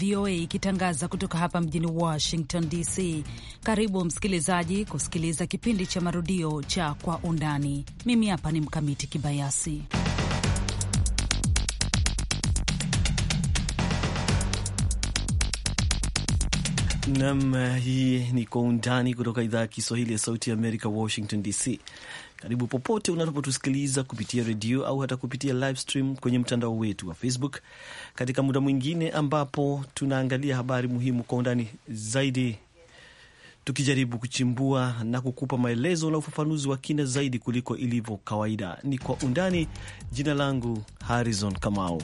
VOA ikitangaza kutoka hapa mjini Washington DC. Karibu msikilizaji kusikiliza kipindi cha marudio cha Kwa Undani. Mimi hapa ni Mkamiti Kibayasi. Nam, hii ni Kwa Undani kutoka idhaa ya Kiswahili ya Sauti ya Amerika, Washington DC karibu popote unapotusikiliza kupitia redio au hata kupitia live stream kwenye mtandao wetu wa Facebook, katika muda mwingine ambapo tunaangalia habari muhimu kwa undani zaidi, tukijaribu kuchimbua na kukupa maelezo na ufafanuzi wa kina zaidi kuliko ilivyo kawaida. Ni kwa undani. Jina langu Harrison Kamau.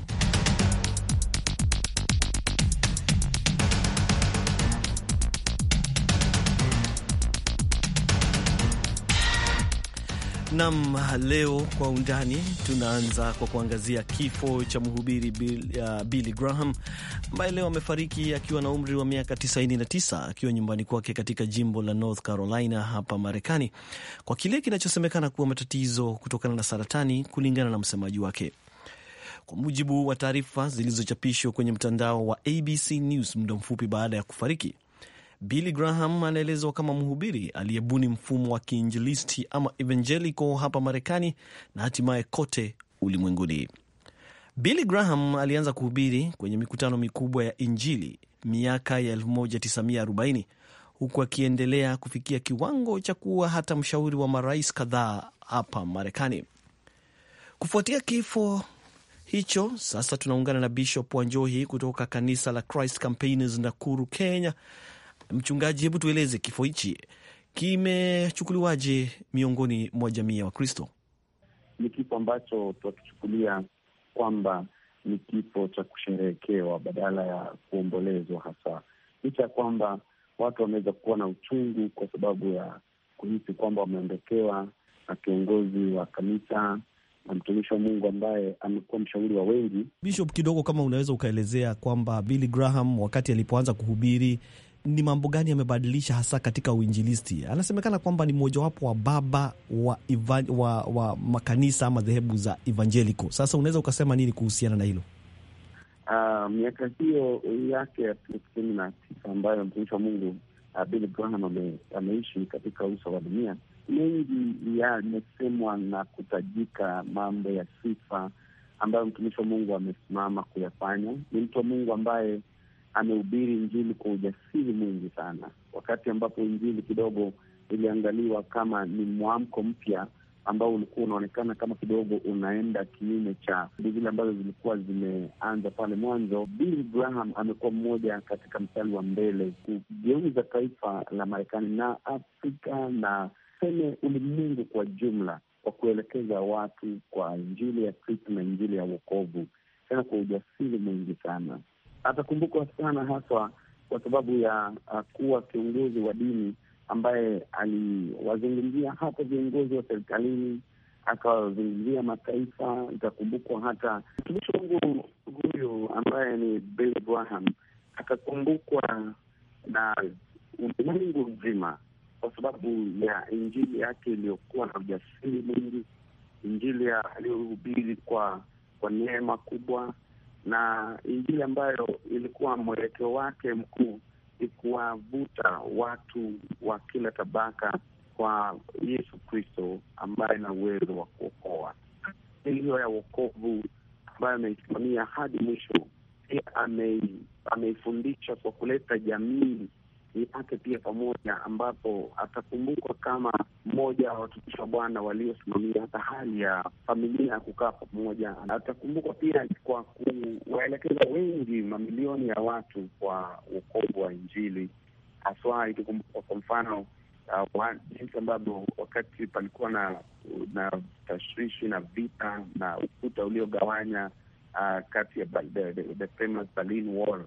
Nam, leo kwa undani tunaanza kwa kuangazia kifo cha mhubiri Bill, uh, Billy Graham ambaye leo amefariki akiwa na umri wa miaka 99 akiwa nyumbani kwake katika jimbo la North Carolina hapa Marekani kwa kile kinachosemekana kuwa matatizo kutokana na saratani, kulingana na msemaji wake. Kwa mujibu wa taarifa zilizochapishwa kwenye mtandao wa ABC News muda mfupi baada ya kufariki, Billy Graham anaelezwa kama mhubiri aliyebuni mfumo wa kiinjilisti ama evangelical hapa Marekani na hatimaye kote ulimwenguni. Billy Graham alianza kuhubiri kwenye mikutano mikubwa ya Injili miaka ya 1940 huku akiendelea kufikia kiwango cha kuwa hata mshauri wa marais kadhaa hapa Marekani. Kufuatia kifo hicho, sasa tunaungana na Bishop Wanjohi kutoka kanisa la Christ Campaigners Nakuru, Kenya, Mchungaji, hebu tueleze kifo hichi kimechukuliwaje miongoni mwa jamii ya Wakristo? Ni kifo ambacho twakichukulia kwamba ni kifo cha kusherehekewa badala ya kuombolezwa, hasa licha ya kwamba watu wameweza kuwa na uchungu kwa sababu ya kuhisi kwamba wameondokewa na kiongozi wa kanisa na mtumishi wa Mungu ambaye amekuwa mshauri wa wengi. Bishop, kidogo kama unaweza ukaelezea kwamba Billy Graham wakati alipoanza kuhubiri ni mambo gani yamebadilisha hasa katika uinjilisti? Anasemekana kwamba ni mojawapo wa baba wa, iva, wa, wa makanisa ama dhehebu za evangelico Sasa unaweza ukasema nini kuhusiana na hilo? Uh, miaka hiyo yake ya kumi na tisa ambayo mtumishi wa Mungu uh, Billy Graham ame, ameishi katika uso wa dunia, mengi yamesemwa na kutajika mambo ya sifa ambayo mtumishi wa Mungu amesimama kuyafanya. Ni mtu wa Mungu ambaye amehubiri Injili kwa ujasiri mwingi sana, wakati ambapo Injili kidogo iliangaliwa kama ni mwamko mpya ambao ulikuwa unaonekana kama kidogo unaenda kinyume cha vile ambazo zilikuwa zimeanza pale mwanzo. Billy Graham amekuwa mmoja katika mstari wa mbele kugeuza taifa la Marekani na Afrika na seme ulimwengu kwa jumla, kwa kuelekeza watu kwa Injili ya Kristo na Injili ya wokovu, tena kwa ujasiri mwingi sana atakumbukwa sana haswa kwa sababu ya uh, kuwa kiongozi wa dini ambaye aliwazungumzia hata viongozi wa serikalini, akawazungumzia mataifa. Itakumbukwa hata mtumishi wangu huyu ambaye ni Billy Graham atakumbukwa na ulimwengu mzima kwa sababu ya Injili yake iliyokuwa na ujasiri mwingi, Injili aliyohubiri kwa kwa neema kubwa na Injili ambayo ilikuwa mwelekeo wake mkuu ni kuwavuta watu wa kila tabaka kwa Yesu Kristo ambaye ana uwezo wa kuokoa. Hiyo ya wokovu ambayo ameisimamia hadi mwisho, pia ameifundisha kwa kuleta jamii nipate pia pamoja, ambapo atakumbukwa kama mmoja wa watumishi wa Bwana waliosimamia hata hali ya familia ya kukaa pamoja. Atakumbukwa pia kwa kuwaelekeza wengi, mamilioni ya watu kwa ukovu wa Injili, haswa ikikumbukwa kwa mfano uh, jinsi ambavyo wakati palikuwa na na tashwishi na vita na ukuta uliogawanya uh, kati ya the, the, the famous Berlin Wall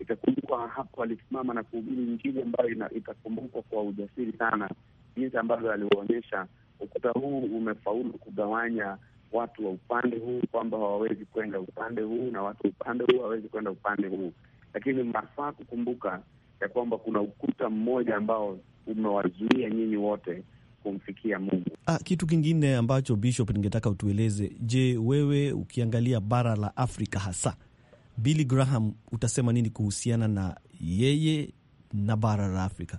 Itakumbukwa hapo alisimama na kuhubiri Injili ambayo itakumbukwa kwa ujasiri sana, jinsi ambavyo aliwaonyesha. Ukuta huu umefaulu kugawanya watu wa upande huu kwamba hawawezi kwenda upande huu na watu upande huu hawawezi kwenda upande huu, lakini mnafaa kukumbuka ya kwamba kuna ukuta mmoja ambao umewazuia nyinyi wote kumfikia Mungu. Ah, kitu kingine ambacho Bishop, ningetaka utueleze, je, wewe ukiangalia bara la Afrika hasa Billy Graham, utasema nini kuhusiana na yeye na bara la Afrika?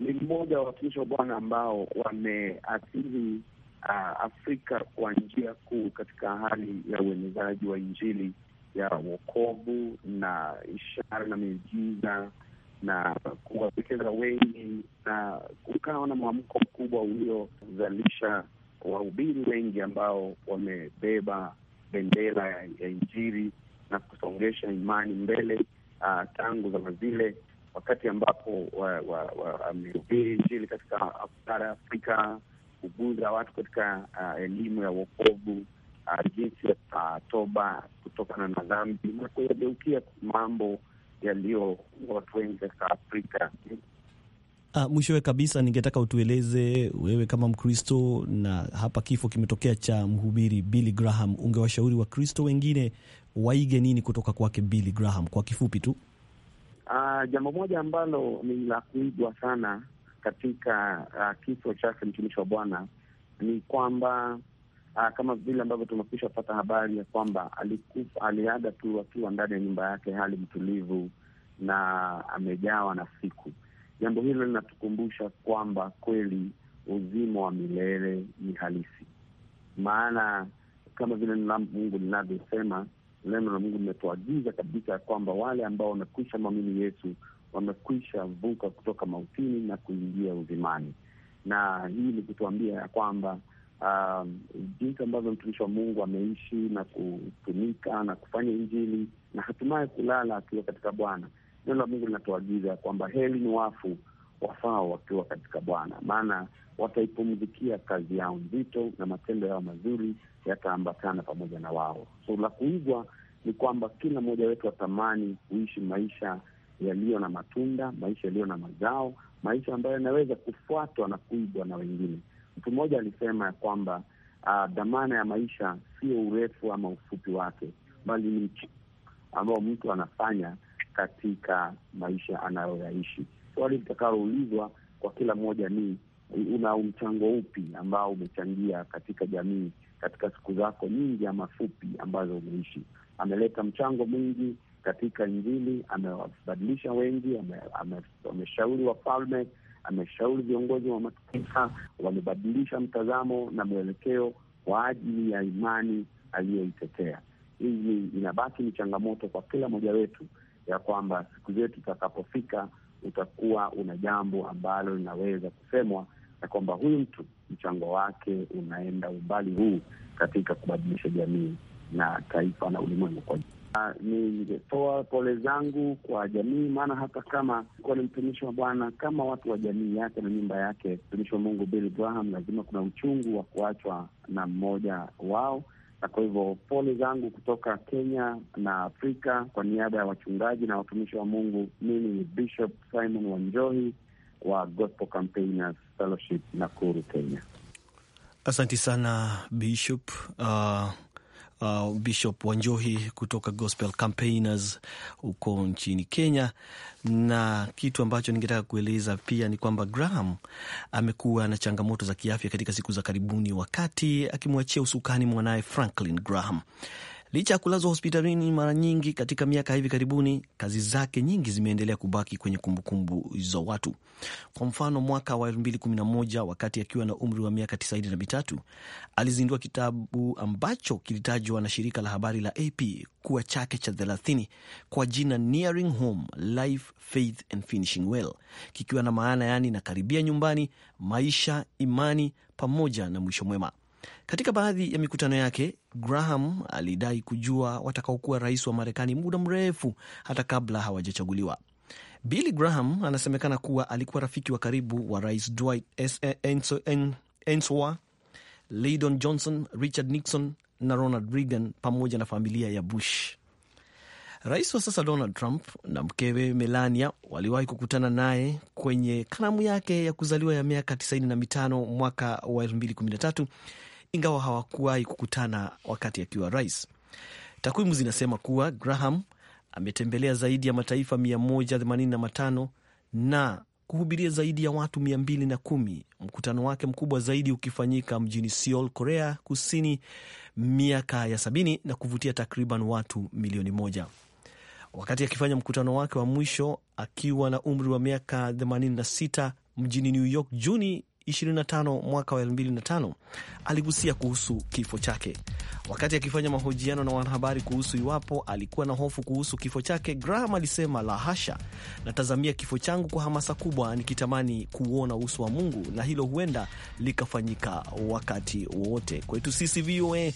Ni mmoja wa watumishi wa Bwana ambao wameathiri uh, Afrika kwa njia kuu katika hali ya uenezaji wa Injili ya wokovu na ishara na miujiza na kuwapekeza wengi na kukawa na mwamko mkubwa uliozalisha wahubiri wengi ambao wamebeba bendera ya Injili na kusongesha imani mbele uh, tangu zama zile, wakati ambapo wamehubiri Injili katika bara ya Afrika, kuguza watu katika uh, elimu ya uokovu uh, ah, jinsi ya uh, toba kutokana na dhambi na kuyageukia mambo yaliyo watu wengi katika Afrika. Uh, mwishowe kabisa ningetaka utueleze wewe kama Mkristo na hapa kifo kimetokea cha mhubiri Billy Graham, ungewashauri Wakristo wengine waige nini kutoka kwake Billy Graham kwa kifupi tu? Uh, jambo moja ambalo ni la kuigwa sana katika uh, kifo chake mtumishi wa Bwana ni kwamba uh, kama vile ambavyo tumekwisha pata habari ya kwamba alikufa, aliaga tu akiwa ndani ya nyumba yake, hali mtulivu na amejawa na siku. Jambo hilo linatukumbusha kwamba kweli uzima wa milele ni halisi, maana kama vile Mungu linavyosema neno la Mungu limetuagiza kabisa ya kwamba wale ambao wamekwisha mwamini Yesu wamekwisha vuka kutoka mautini na kuingia uzimani, na hii ni kutuambia ya kwamba uh, jinsi ambavyo mtumishi wa Mungu ameishi na kutumika na kufanya Injili na hatimaye kulala akiwa katika Bwana, neno la Mungu linatuagiza ya kwamba heli ni wafu wafaa wakiwa katika Bwana, maana wataipumzikia kazi yao nzito na matendo yao mazuri yataambatana pamoja na wao. So la kuigwa ni kwamba kila mmoja wetu atamani kuishi maisha yaliyo na matunda, maisha yaliyo na mazao, maisha ambayo yanaweza kufuatwa na kuigwa na wengine. Mtu mmoja alisema ya kwamba uh, dhamana ya maisha sio urefu ama ufupi wake, bali ni ambao mtu anafanya katika maisha anayoyaishi swali litakaloulizwa kwa kila mmoja ni una mchango upi ambao umechangia katika jamii katika siku zako nyingi ama fupi ambazo umeishi. Ameleta mchango mwingi katika Injili, amewabadilisha wengi, ameshauri ame, wafalme, ameshauri viongozi wa mataifa, wamebadilisha mtazamo na mwelekeo kwa ajili ya imani aliyoitetea. Hii inabaki ni changamoto kwa kila mmoja wetu ya kwamba siku zetu zitakapofika utakuwa una jambo ambalo linaweza kusemwa na kwamba huyu mtu mchango wake unaenda umbali huu katika kubadilisha jamii na taifa na ulimwengu kwa ah, ningetoa pole zangu kwa jamii, maana hata kama kuwa ni mtumishi wa Bwana kama watu wa jamii yake na nyumba yake, mtumishi wa Mungu Billy Graham, lazima kuna uchungu wa kuachwa na mmoja wao, na kwa hivyo pole zangu kutoka Kenya na Afrika kwa niaba ya wachungaji na watumishi wa Mungu. Mimi ni Bishop Simon Wanjohi wa Gospel Campaigners Fellowship, Nakuru, Kenya. Asante sana Bishop. Uh uh, Bishop Wanjohi kutoka Gospel Campaigners huko nchini Kenya. Na kitu ambacho ningetaka kueleza pia ni kwamba Graham amekuwa na changamoto za kiafya katika siku za karibuni, wakati akimwachia usukani mwanaye Franklin Graham. Licha ya kulazwa hospitalini mara nyingi katika miaka hivi karibuni, kazi zake nyingi zimeendelea kubaki kwenye kumbukumbu za watu. Kwa mfano, mwaka wa 2011 wakati akiwa na umri wa miaka 93 alizindua kitabu ambacho kilitajwa na shirika la habari la AP kuwa chake cha 30 kwa jina Nearing Home Life, Faith and Finishing Well, kikiwa na maana yani, nakaribia nyumbani, maisha, imani pamoja na mwisho mwema. Katika baadhi ya mikutano yake, Graham alidai kujua watakaokuwa rais wa Marekani muda mrefu hata kabla hawajachaguliwa. Billy Graham anasemekana kuwa alikuwa rafiki wa karibu wa rais Dwight Eisenhower, Lyndon Johnson, Richard Nixon na Ronald Reagan pamoja na familia ya Bush. Rais wa sasa Donald Trump na mkewe Melania waliwahi kukutana naye kwenye karamu yake ya kuzaliwa ya miaka 95 mwaka wa 2013 ingawa hawakuwahi kukutana wakati akiwa rais. Takwimu zinasema kuwa Graham ametembelea zaidi ya mataifa 185 na kuhubiria zaidi ya watu 210, mkutano wake mkubwa zaidi ukifanyika mjini Seoul, Korea Kusini miaka ya 70 na kuvutia takriban watu milioni moja wakati akifanya mkutano wake wa mwisho akiwa na umri wa miaka 86 mjini New York Juni 25 mwaka wa 2005 aligusia kuhusu kifo chake. Wakati akifanya mahojiano na wanahabari kuhusu iwapo alikuwa na hofu kuhusu kifo chake, Graham alisema la hasha, natazamia kifo changu kwa hamasa kubwa, nikitamani kuuona uso wa Mungu, na hilo huenda likafanyika wakati wowote. Kwetu sisi VOA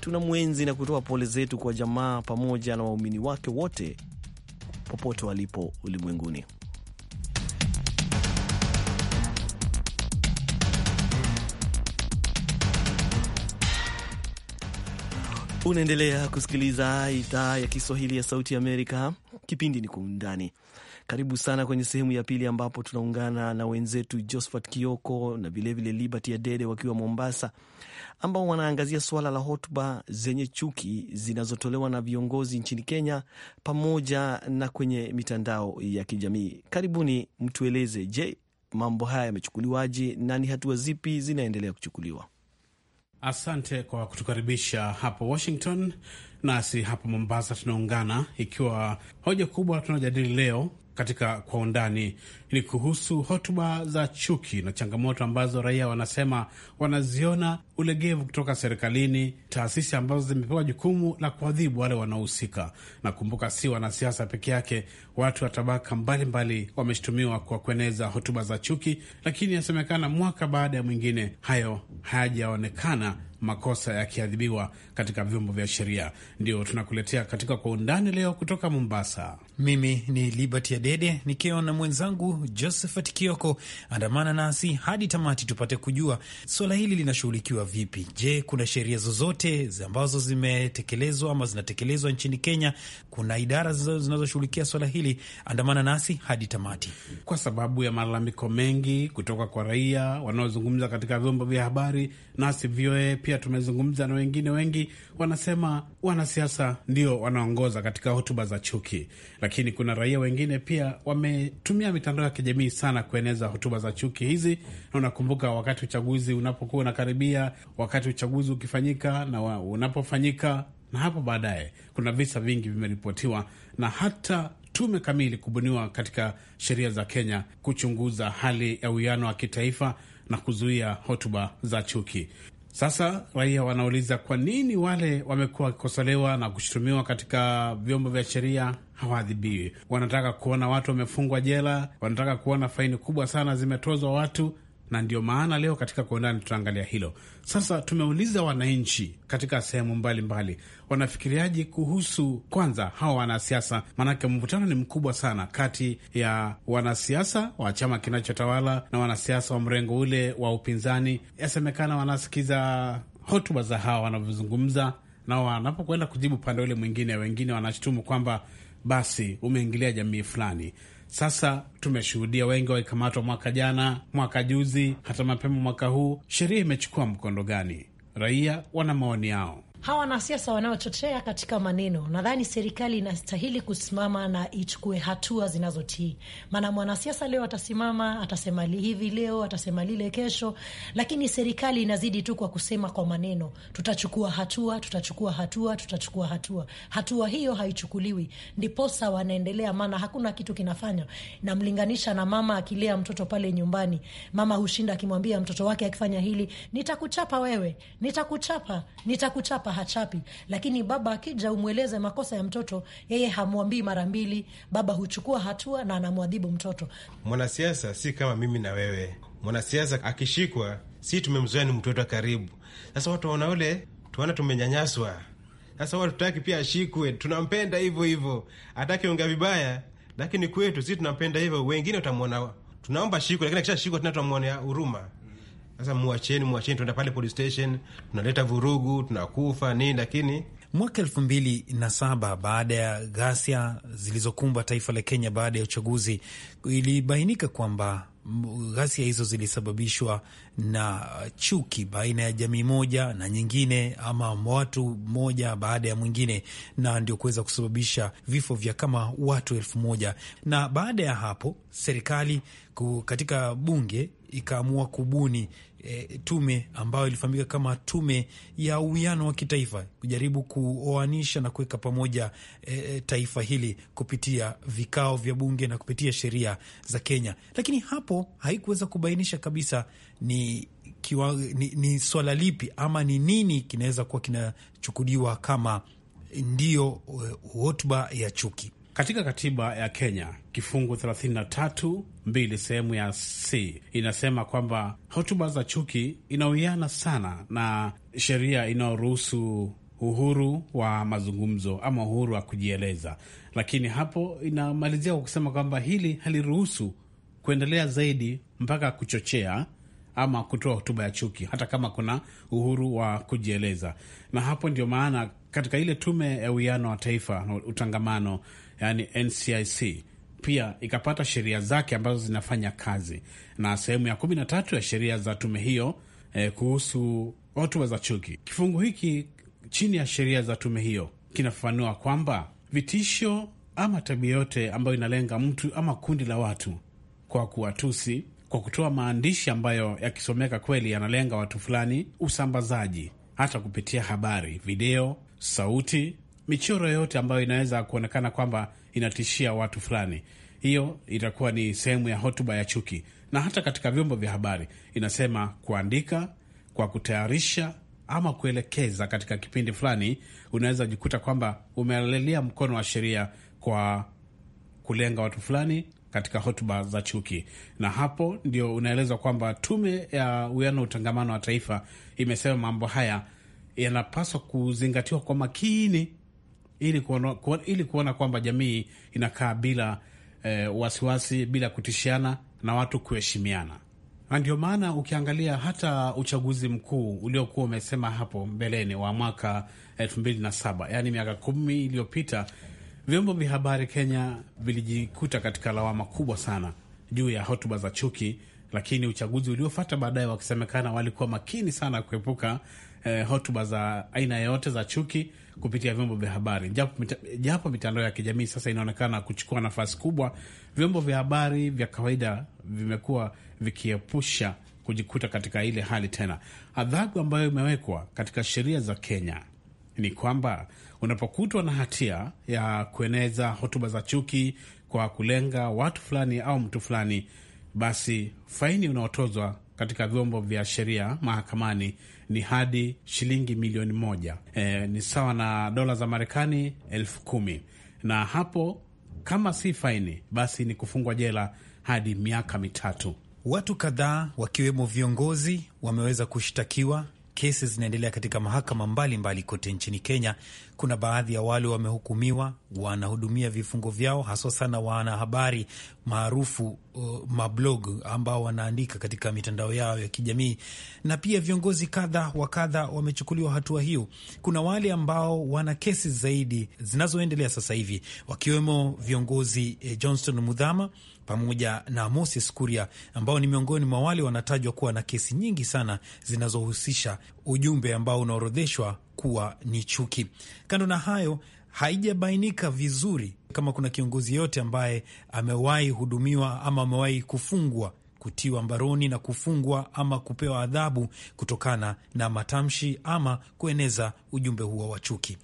tuna mwenzi na kutoa pole zetu kwa jamaa pamoja na waumini wake wote popote walipo ulimwenguni. Unaendelea kusikiliza idhaa ya Kiswahili ya Sauti Amerika. Kipindi ni Kwa Undani. Karibu sana kwenye sehemu ya pili, ambapo tunaungana na wenzetu Josphat Kioko na vilevile Liberty Adede wakiwa Mombasa, ambao wanaangazia suala la hotuba zenye chuki zinazotolewa na viongozi nchini Kenya pamoja na kwenye mitandao ya kijamii. Karibuni, mtueleze, je, mambo haya yamechukuliwaje na ni hatua zipi zinaendelea kuchukuliwa? Asante kwa kutukaribisha hapo Washington. Nasi hapo Mombasa tunaungana, ikiwa hoja kubwa tunaojadili leo katika kwa undani ni kuhusu hotuba za chuki na changamoto ambazo raia wanasema wanaziona ulegevu kutoka serikalini, taasisi ambazo zimepewa jukumu la kuadhibu wale wanaohusika. Nakumbuka si wanasiasa peke yake, watu wa tabaka mbalimbali wameshutumiwa kwa kueneza hotuba za chuki, lakini inasemekana mwaka baada ya mwingine hayo hayajaonekana makosa yakiadhibiwa katika vyombo vya sheria. Ndio tunakuletea katika Kwa Undani leo kutoka Mombasa. Mimi ni Liberty Adede nikiwa na mwenzangu Josephat Kioko. Andamana nasi hadi tamati tupate kujua swala hili linashughulikiwa vipi? Je, kuna sheria zozote ambazo zimetekelezwa ama zinatekelezwa nchini Kenya? Kuna idara zinazoshughulikia swala hili? Andamana nasi hadi tamati, kwa sababu ya malalamiko mengi kutoka kwa raia wanaozungumza katika vyombo vya habari, nasi VOA pia tumezungumza na wengine wengi, wanasema wanasiasa ndio wanaongoza katika hotuba za chuki, lakini kuna raia wengine pia wametumia mitandao ya kijamii sana kueneza hotuba za chuki hizi, na unakumbuka wakati uchaguzi unapokuwa unakaribia wakati uchaguzi ukifanyika na unapofanyika na hapo baadaye. Kuna visa vingi vimeripotiwa na hata tume kamili kubuniwa katika sheria za Kenya kuchunguza hali ya uwiano wa kitaifa na kuzuia hotuba za chuki. Sasa raia wanauliza kwa nini wale wamekuwa wakikosolewa na kushutumiwa katika vyombo vya sheria hawaadhibiwi? Wanataka kuona watu wamefungwa jela, wanataka kuona faini kubwa sana zimetozwa watu, na ndio maana leo katika kwa undani tutaangalia hilo. Sasa tumeuliza wananchi katika sehemu mbalimbali wanafikiriaje kuhusu kwanza hawa wanasiasa, maanake mvutano ni mkubwa sana kati ya wanasiasa wa chama kinachotawala na wanasiasa wa mrengo ule wa upinzani. Yasemekana wanasikiza hotuba za hawa wanavyozungumza, na wanapokwenda kujibu pande ule mwingine, wengine wanashutumu kwamba basi umeingilia jamii fulani. Sasa tumeshuhudia wengi wakikamatwa mwaka jana, mwaka juzi, hata mapema mwaka huu. Sheria imechukua mkondo gani? Raia wana maoni yao hawa wanasiasa wanaochochea katika maneno, nadhani serikali inastahili kusimama na ichukue hatua zinazotii. Maana mwanasiasa leo atasimama atasema hivi leo, atasema lile kesho, lakini serikali inazidi tu kwa kusema kwa maneno, tutachukua hatua, tutachukua hatua, tutachukua hatua. Hatua hiyo haichukuliwi, ndiposa wanaendelea, maana hakuna kitu kinafanywa. Namlinganisha na mama akilea mtoto pale nyumbani, mama hushinda akimwambia mtoto wake akifanya hili, nitakuchapa wewe, nitakuchapa, nitakuchapa hapa hachapi, lakini baba akija umweleze makosa ya mtoto, yeye hamwambii mara mbili. Baba huchukua hatua na anamwadhibu mtoto. Mwanasiasa si kama mimi na wewe. Mwanasiasa akishikwa, si tumemzoea ni mtoto karibu. Sasa watu waona ule tuana tumenyanyaswa, sasa watutaki pia ashikwe, tunampenda hivyo hivyo, atakiongea vibaya, lakini kwetu si tunampenda hivyo. Wengine utamwona, tunaomba shikwe, lakini akishashikwa tena tunamwonea huruma. Sasa mwacheni, mwacheni, tuenda pale police station, tunaleta vurugu, tunakufa nini. Lakini mwaka elfu mbili na saba baada ya ghasia zilizokumba taifa la Kenya baada ya uchaguzi, ilibainika kwamba ghasia hizo zilisababishwa na chuki baina ya jamii moja na nyingine, ama watu moja baada ya mwingine, na ndio kuweza kusababisha vifo vya kama watu elfu moja. Na baada ya hapo serikali katika bunge ikaamua kubuni e, tume ambayo ilifahamika kama tume ya uwiano wa kitaifa kujaribu kuoanisha na kuweka pamoja e, taifa hili kupitia vikao vya bunge na kupitia sheria za Kenya, lakini hapo haikuweza kubainisha kabisa ni kiwa, ni, ni swala lipi ama ni nini kinaweza kuwa kinachukuliwa kama ndiyo hotuba ya chuki. Katika katiba ya Kenya kifungu 332 mbili sehemu ya C inasema kwamba hotuba za chuki inawiana sana na sheria inayoruhusu uhuru wa mazungumzo ama uhuru wa kujieleza, lakini hapo inamalizia kwa kusema kwamba hili haliruhusu kuendelea zaidi mpaka kuchochea ama kutoa hotuba ya chuki, hata kama kuna uhuru wa kujieleza. Na hapo ndio maana katika ile tume ya uwiano wa taifa utangamano yani NCIC pia ikapata sheria zake ambazo zinafanya kazi na sehemu ya kumi na tatu ya sheria za tume hiyo eh, kuhusu hotuba za chuki. Kifungu hiki chini ya sheria za tume hiyo kinafafanua kwamba vitisho ama tabia yote ambayo inalenga mtu ama kundi la watu kwa kuwatusi, kwa kutoa maandishi ambayo yakisomeka kweli yanalenga watu fulani, usambazaji hata kupitia habari, video, sauti michoro yoyote ambayo inaweza kuonekana kwamba inatishia watu fulani, hiyo itakuwa ni sehemu ya hotuba ya chuki. Na hata katika vyombo vya habari inasema kuandika kwa kutayarisha ama kuelekeza katika kipindi fulani, unaweza jikuta kwamba umelelia mkono wa sheria kwa kulenga watu fulani katika hotuba za chuki, na hapo ndio unaelezwa kwamba Tume ya Uwiano wa Utangamano wa Taifa imesema mambo haya yanapaswa kuzingatiwa kwa makini ili kuona, ili kuona kwamba jamii inakaa bila eh, wasiwasi, bila kutishiana na watu kuheshimiana. Na ndio maana ukiangalia hata uchaguzi mkuu uliokuwa umesema hapo mbeleni wa mwaka elfu mbili na saba yaani miaka kumi iliyopita, vyombo vya habari Kenya vilijikuta katika lawama kubwa sana juu ya hotuba za chuki, lakini uchaguzi uliofata baadaye wakisemekana walikuwa makini sana kuepuka eh, hotuba za aina yoyote za chuki kupitia vyombo vya habari japo, japo mitandao ya kijamii sasa inaonekana kuchukua nafasi kubwa, vyombo vya habari vya kawaida vimekuwa vikiepusha kujikuta katika ile hali tena. Adhabu ambayo imewekwa katika sheria za Kenya ni kwamba unapokutwa na hatia ya kueneza hotuba za chuki kwa kulenga watu fulani au mtu fulani, basi faini unaotozwa katika vyombo vya sheria mahakamani ni hadi shilingi milioni moja e, ni sawa na dola za Marekani elfu kumi na hapo kama si faini basi ni kufungwa jela hadi miaka mitatu. Watu kadhaa wakiwemo viongozi wameweza kushtakiwa kesi zinaendelea katika mahakama mbalimbali mbali kote nchini Kenya. Kuna baadhi ya wale wamehukumiwa wanahudumia vifungo vyao, haswa sana wanahabari maarufu uh, mablog ambao wanaandika katika mitandao yao ya kijamii, na pia viongozi kadha wa kadha wamechukuliwa hatua hiyo. Kuna wale ambao wana kesi zaidi zinazoendelea sasa hivi, wakiwemo viongozi eh, Johnston Mudhama pamoja na Moses Kuria ambao ni miongoni mwa wale wanatajwa kuwa na kesi nyingi sana zinazohusisha ujumbe ambao unaorodheshwa kuwa ni chuki. Kando na hayo, haijabainika vizuri kama kuna kiongozi yote ambaye amewahi hudumiwa ama amewahi kufungwa kutiwa mbaroni na kufungwa ama kupewa adhabu kutokana na matamshi ama kueneza ujumbe huo wa chuki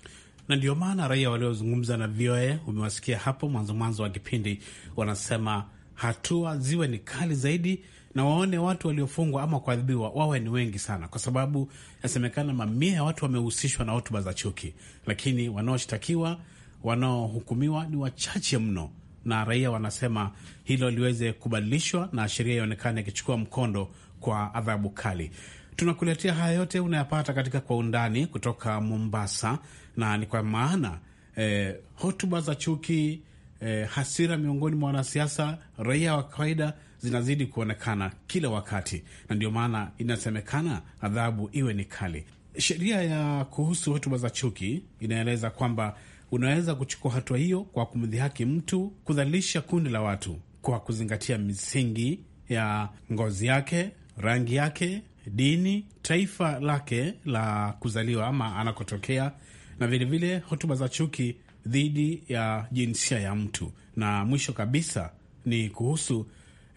na ndio maana raia waliozungumza na VOA, umewasikia hapo mwanzo mwanzo wa kipindi, wanasema hatua ziwe ni kali zaidi na waone watu waliofungwa ama kuadhibiwa wawe ni wengi sana, kwa sababu yasemekana mamia ya watu wamehusishwa na hotuba za chuki, lakini wanaoshtakiwa wanaohukumiwa ni wachache mno, na raia wanasema hilo liweze kubadilishwa na sheria ionekane ikichukua mkondo kwa adhabu kali. Tunakuletea haya yote unayapata katika Kwa Undani kutoka Mombasa na ni kwa maana eh, hotuba za chuki eh, hasira miongoni mwa wanasiasa, raia wa kawaida zinazidi kuonekana kila wakati, na ndio maana inasemekana adhabu iwe ni kali. Sheria ya kuhusu hotuba za chuki inaeleza kwamba unaweza kuchukua hatua hiyo kwa kumdhihaki mtu, kudhalilisha kundi la watu kwa kuzingatia misingi ya ngozi yake, rangi yake, dini, taifa lake la kuzaliwa ama anakotokea, na vilevile vile, hotuba za chuki dhidi ya jinsia ya mtu, na mwisho kabisa ni kuhusu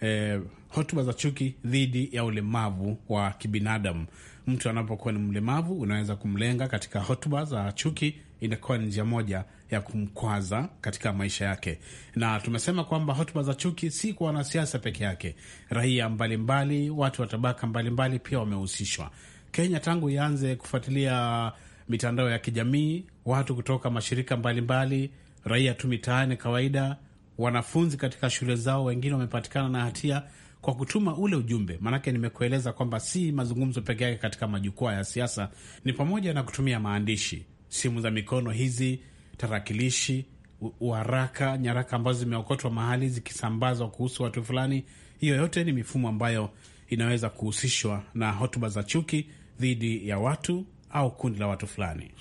eh, hotuba za chuki dhidi ya ulemavu wa kibinadamu. Mtu anapokuwa ni mlemavu, unaweza kumlenga katika hotuba za chuki, inakuwa ni njia moja ya kumkwaza katika maisha yake. Na tumesema kwamba hotuba za chuki si kwa wanasiasa peke yake, raia mbalimbali, watu wa tabaka mbalimbali pia wamehusishwa. Kenya tangu ianze kufuatilia mitandao ya kijamii, watu kutoka mashirika mbalimbali, raia tu mitaani kawaida, wanafunzi katika shule zao, wengine wamepatikana na hatia kwa kutuma ule ujumbe. Maanake nimekueleza kwamba si mazungumzo peke yake katika majukwaa ya siasa, ni pamoja na kutumia maandishi, simu za mikono hizi, tarakilishi, waraka, nyaraka ambazo zimeokotwa mahali zikisambazwa kuhusu watu fulani. Hiyo yote ni mifumo ambayo inaweza kuhusishwa na hotuba za chuki dhidi ya watu au kundi la watu fulani.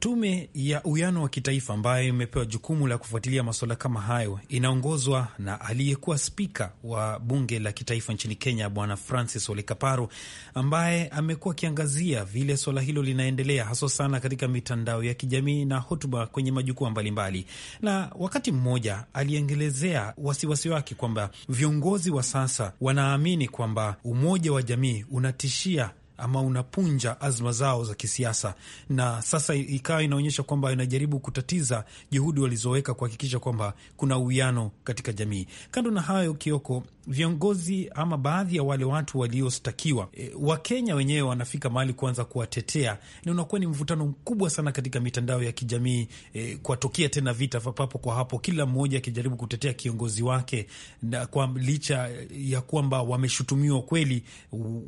Tume ya Uwiano wa Kitaifa ambayo imepewa jukumu la kufuatilia masuala kama hayo inaongozwa na aliyekuwa spika wa bunge la kitaifa nchini Kenya, Bwana Francis olekaparo ambaye amekuwa akiangazia vile suala hilo linaendelea haswa sana katika mitandao ya kijamii na hotuba kwenye majukwaa mbalimbali. Na wakati mmoja aliengelezea wasiwasi wake kwamba viongozi wa sasa wanaamini kwamba umoja wa jamii unatishia ama unapunja azma zao za kisiasa, na sasa ikawa inaonyesha kwamba inajaribu kutatiza juhudi walizoweka kuhakikisha kwamba kuna uwiano katika jamii. Kando na hayo, Kioko, viongozi ama baadhi ya wale watu waliostakiwa e, Wakenya wenyewe wanafika mahali kuanza kuwatetea, na unakuwa ni mvutano mkubwa sana katika mitandao ya kijamii e, kuwatokea tena vita papo kwa hapo, kila mmoja akijaribu kutetea kiongozi wake, na kwa licha ya kwamba wameshutumiwa kweli,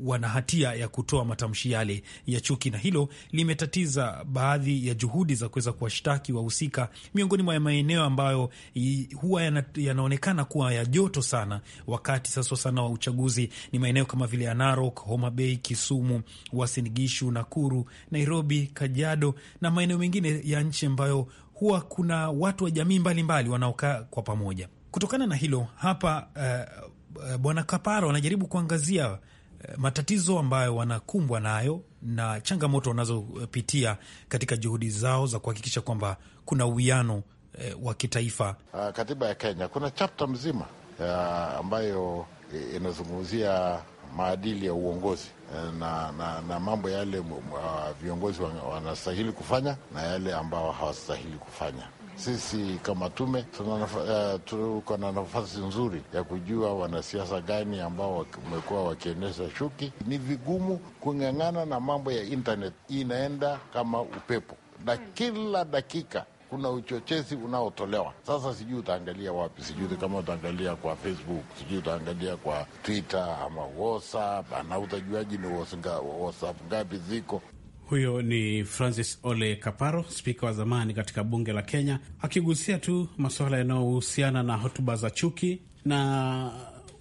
wana hatia ya kutoa matamshi yale ya chuki, na hilo limetatiza baadhi ya juhudi za kuweza kuwashtaki wahusika miongoni mwa maeneo ambayo huwa yana, yanaonekana kuwa ya joto sana wakati wakati sasa sana wa uchaguzi ni maeneo kama vile Narok, Homa Bay, Kisumu, Uasin Gishu, Nakuru, Nairobi, kajado na maeneo mengine ya nchi ambayo huwa kuna watu wa jamii mbalimbali wanaokaa kwa pamoja. Kutokana na hilo hapa, uh, Bwana Kaparo anajaribu kuangazia eh, matatizo ambayo wanakumbwa nayo na changamoto wanazopitia katika juhudi zao za kuhakikisha kwamba kuna uwiano eh, wa kitaifa. Ah, katiba ya Kenya kuna chapta mzima Eh, ambayo eh, inazungumzia maadili ya uongozi eh, na, na, na mambo yale uh, viongozi wanastahili kufanya na yale ambao hawastahili kufanya. Sisi kama tume tuko na nafasi nzuri ya kujua wanasiasa gani ambao wamekuwa wakiendesha shuki. Ni vigumu kung'ang'ana na mambo ya internet, inaenda kama upepo na kila dakika kuna uchochezi unaotolewa sasa. Sijui utaangalia wapi, sijui kama utaangalia kwa Facebook, sijui utaangalia kwa Twitter ama WhatsApp, ana utajuaji ni WhatsApp ngapi ziko. Huyo ni Francis Ole Kaparo, spika wa zamani katika bunge la Kenya, akigusia tu masuala yanayohusiana na hotuba za chuki na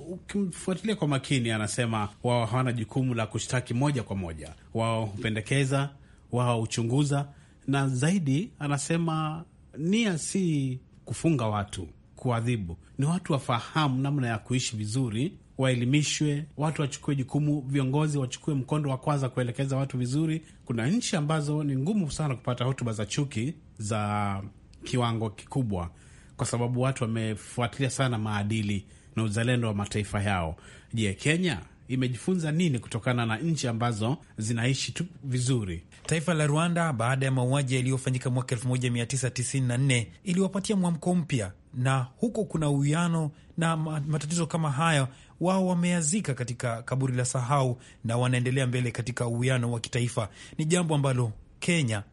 ukimfuatilia kwa makini, anasema wao hawana jukumu la kushtaki moja kwa moja. Wao hupendekeza, wao huchunguza na zaidi anasema nia si kufunga watu, kuadhibu, ni watu wafahamu namna ya kuishi vizuri, waelimishwe, watu wachukue jukumu, viongozi wachukue mkondo wa kwanza kuelekeza watu vizuri. Kuna nchi ambazo ni ngumu sana kupata hotuba za chuki za kiwango kikubwa, kwa sababu watu wamefuatilia sana maadili na uzalendo wa mataifa yao. Je, Kenya imejifunza nini kutokana na nchi ambazo zinaishi tu vizuri? Taifa la Rwanda baada ya mauaji yaliyofanyika mwaka 1994 iliwapatia mwamko mpya, na huko kuna uwiano na matatizo kama haya wao wameazika katika kaburi la sahau na wanaendelea mbele katika uwiano wa kitaifa. Ni jambo ambalo Kenya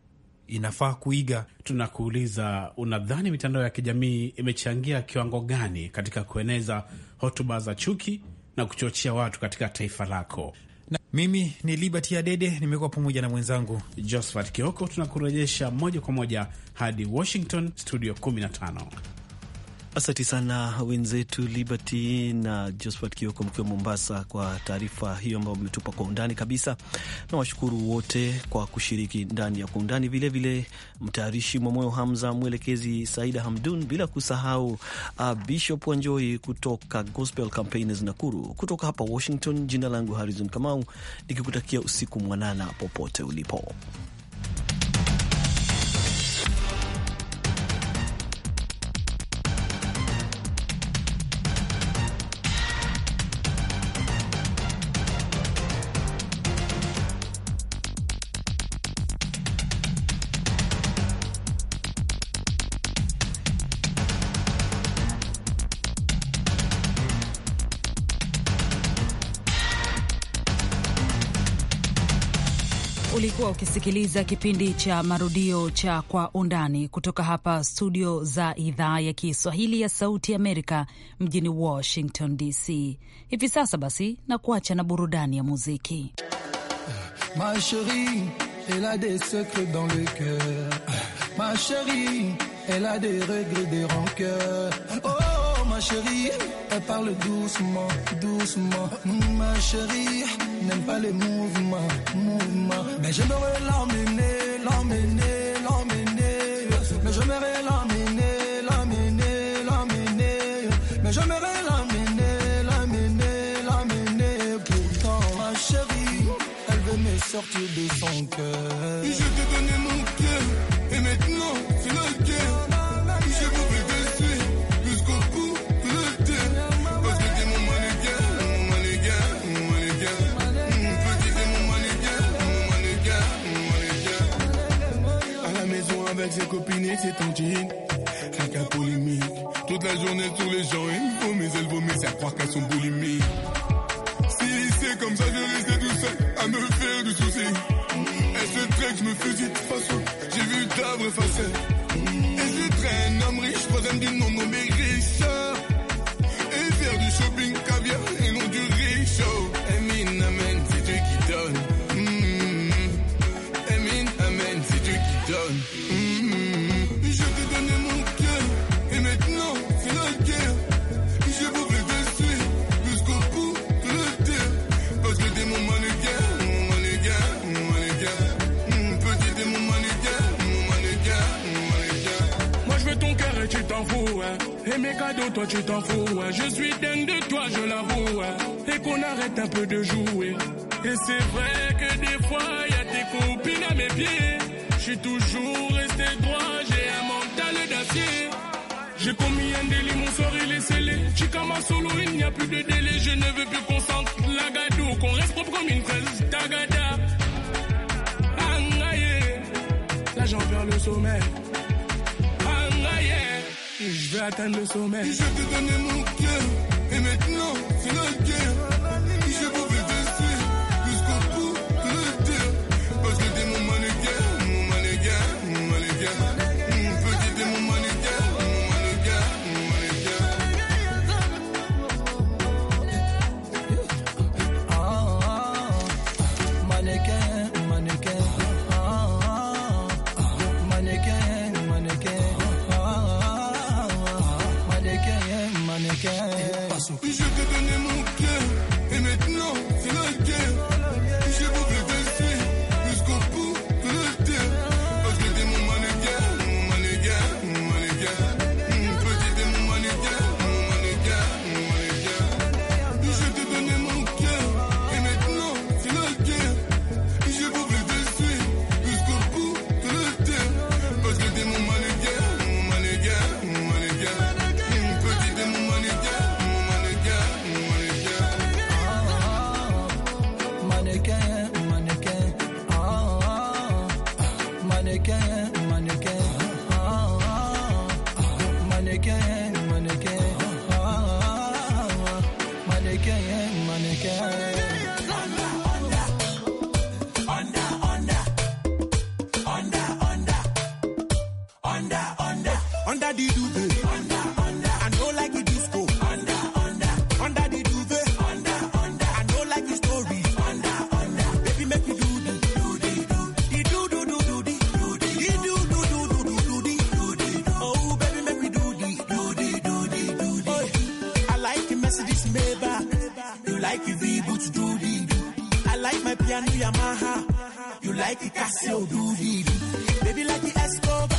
inafaa kuiga. Tunakuuliza, unadhani mitandao ya kijamii imechangia kiwango gani katika kueneza hotuba za chuki na kuchochea watu katika taifa lako. Na mimi ni Liberty Adede, nimekuwa pamoja na mwenzangu Josephat Kioko. Tunakurejesha moja kwa moja hadi Washington, studio 15. Asante sana wenzetu Liberty na Josphat Kioko mkiwa Mombasa kwa taarifa hiyo ambayo mmetupa kwa undani kabisa, na washukuru wote kwa kushiriki ndani ya kwa undani, vilevile mtayarishi Mwamoyo Hamza, mwelekezi Saida Hamdun, bila kusahau uh, Bishop Wanjoi kutoka Gospel Campaigners Nakuru. Kutoka hapa Washington, jina langu Harrison Kamau nikikutakia usiku mwanana popote ulipo. unasikiliza kipindi cha marudio cha Kwa Undani kutoka hapa studio za idhaa ya Kiswahili ya Sauti Amerika mjini Washington DC. Hivi sasa basi, na kuacha na burudani ya muziki Ma chérie, elle a des secrets dans le cœur. Ma chérie, elle a des regrets, des rancœurs. Oh, ma chérie, elle parle doucement, doucement. Ma chérie n'aime pas les mouvements, mouvements. Mais j'aimerais l'emmener, l'emmener, l'emmener. Mais j'aimerais l'emmener, l'emmener, l'emmener. Mais j'aimerais l'emmener, l'emmener, l'emmener. Pourtant, ma chérie, elle veut me sortir de son cœur. Je te avec ses copines et ses tontines. Rien polémique. Toute la journée tous les gens, ils vomissent, mais vomissent vomit, c'est à croire qu'elles sont boulimiques. Si c'est comme ça, je vais tout seul à me faire du souci. Elle se que je me fusille de façon. J'ai vu ta vraie facette. Et mes cadeaux, toi tu t'en fous. Je suis dingue de toi, je l'avoue. Et qu'on arrête un peu de jouer. Et c'est vrai que des fois, y a tes copines à mes pieds. Je suis toujours resté droit, j'ai un mental d'acier. J'ai commis un délit, mon sort il est scellé. un solo, il n'y a plus de délai. Je ne veux plus qu'on sente l'agadou, qu'on reste propre comme une fraise. Tagada, angaye. Là j'en le sommeil vais atteindre le sommet. Je Yamaha. You like the Casio doodie. Baby, like the Escobar.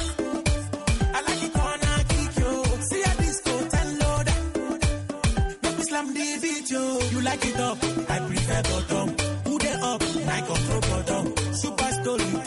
I like the corner kick yo. See a disco ten loader. Make me slam the beat yo. You like it up. I prefer bottom. Put it up. My control bottom. Super stolen.